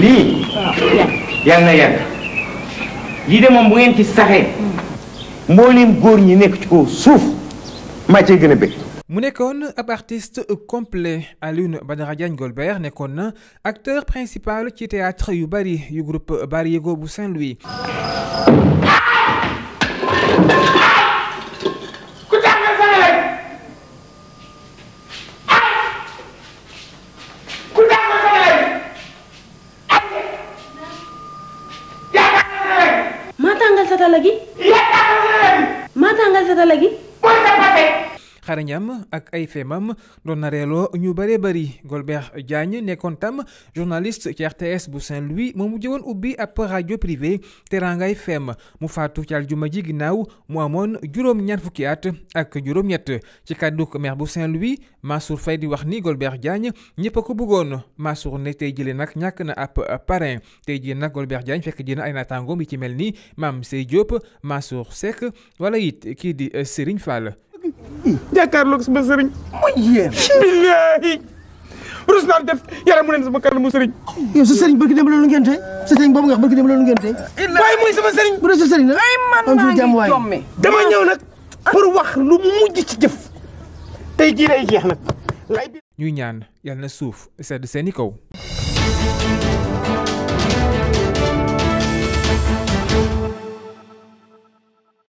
lii yàlla na yàgg lii de moom bu ngeen ci saxee mbooleem góor ñi nekk ci kaw souf ma cee gëna bëgg mu nekkoon ab artiste complet à l'une, Diagne Golbert nekkoon na acteur principal ci théâtre yu bari yu groupe bariego bu Saint-Louis पता लगी माँ कहाँ से लगी कौन से पता xarañam ak ay feemam doon na reeloo ñu bëree bëri Golbert Diagne nekkoon tam journaliste ci RTS bu Saint-Louis moo mu jëwoon ubbi ab rajo privé Teranga FM mu faatu ci aljuma ji ginnaaw mu amoon juróom-ñaar fukki at ak juróom-ñett ci kàdduk maire bu Saint-Louis Mansour Faye di wax ni Golbert Diagne ñëpp ko bëggoon Mansour ne tey jëlee nag ñàkk na ab parrain tey jii nag Golbert Diagne fekk dina ay naataangoom yi ci mel ni Mame Sey Diop Mansour Seck it kii di Serigne Fall. jàkkaarloog sama sëriñ. mu yéen. billaahi. rus naa def yaram mu neen sama kanamu sëriñ. yow sa sëriñ bëgg dem loolu ngente sa sëriñ boobu nga xam bëgg dem loolu ngente. waaye muy sama sëriñ. bu dee sa sëriñ nag. man maa ngi jomme dama ñëw nag pour wax lu mu mujj ci jëf. tey jii lay jeex nag. ñuy ñaan yal na suuf sedd seeni kaw.